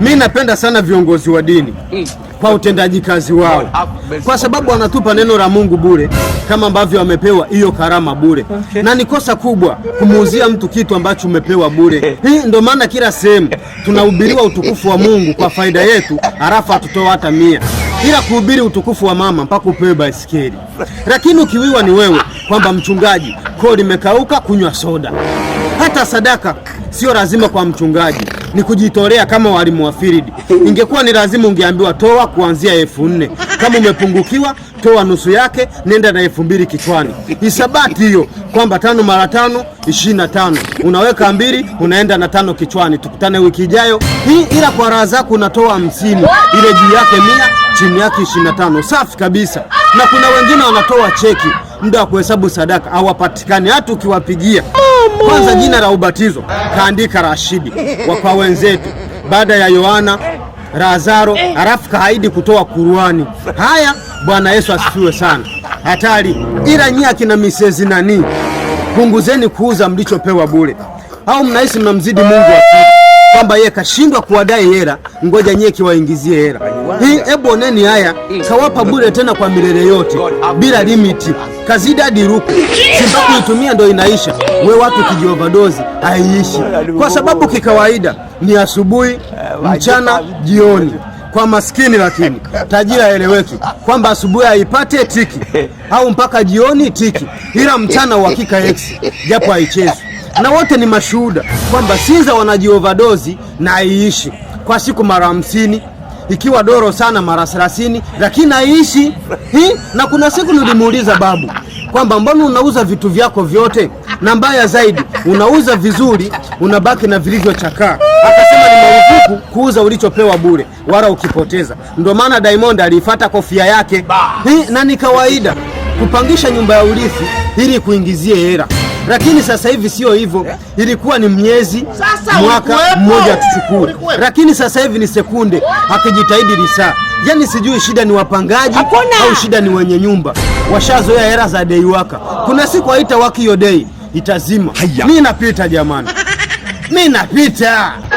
Mi napenda sana viongozi wa dini kwa utendaji kazi wao, kwa sababu wanatupa neno la Mungu bure kama ambavyo wamepewa hiyo karama bure, na ni kosa kubwa kumuuzia mtu kitu ambacho umepewa bure. Hii ndio maana kila sehemu tunahubiriwa utukufu wa Mungu kwa faida yetu, halafu hatutoa hata mia ila kuhubiri utukufu wa mama mpaka upewe baisikeli. Lakini ukiwiwa ni wewe kwamba mchungaji, koo limekauka kunywa soda. Hata sadaka sio lazima kwa mchungaji, ni kujitolea kama walimu wa field. Ingekuwa ni lazima ungeambiwa toa kuanzia elfu nne kama umepungukiwa toa nusu yake, nenda na elfu mbili kichwani. Hisabati hiyo kwamba tano mara tano ishirini na tano unaweka mbili, unaenda na tano kichwani. Tukutane wiki ijayo hii, ila kwa raha zako unatoa hamsini, ile juu yake mia, chini yake ishirini na tano. Safi kabisa. Na kuna wengine wanatoa cheki, muda wa kuhesabu sadaka hawapatikani, hata ukiwapigia kwanza jina la ubatizo kaandika Rashidi wa kwa wenzetu, baada ya Yohana Lazaro, alafu kaahidi kutoa Kurani. Haya, Bwana Yesu asifiwe sana. Hatari ila nyie akina misezi nani, punguzeni kuuza mlichopewa bure, au mnahisi mnamzidi Mungu wa kwamba yeye kashindwa kuwadai hela, ngoja nyie kiwaingizie hela hii. Hebu oneni haya, kawapa bure tena kwa milele yote bila limiti, kazidi hadi ruku simba itumia ndo inaisha. We watu kijiovadozi haiishi, kwa sababu kikawaida ni asubuhi, mchana, jioni kwa maskini lakini tajira aeleweki kwamba asubuhi aipate tiki au mpaka jioni tiki, ila mchana uhakika x japo haichezi na wote ni mashuhuda kwamba Sinza wanajiovadozi na haiishi kwa siku mara hamsini ikiwa doro sana mara 30 lakini haiishi hii. Na kuna siku nilimuuliza babu kwamba mbona unauza vitu vyako vyote, na mbaya zaidi unauza vizuri, unabaki na vilivyochakaa. Akasema ni marufuku kuuza ulichopewa bure wala ukipoteza. Ndio maana Diamond aliifata kofia yake hii, na ni kawaida kupangisha nyumba ya urithi ili kuingizie hela lakini sasa hivi sio hivyo. Eh? Ilikuwa ni miezi mwaka mmoja tuchukue, lakini sasa hivi ni sekunde, akijitahidi ni saa. Yaani sijui shida ni wapangaji au shida ni wenye nyumba, washazoea hera za dei waka. Kuna siku haita waki hiyo dei itazima. Mimi napita jamani, mimi napita.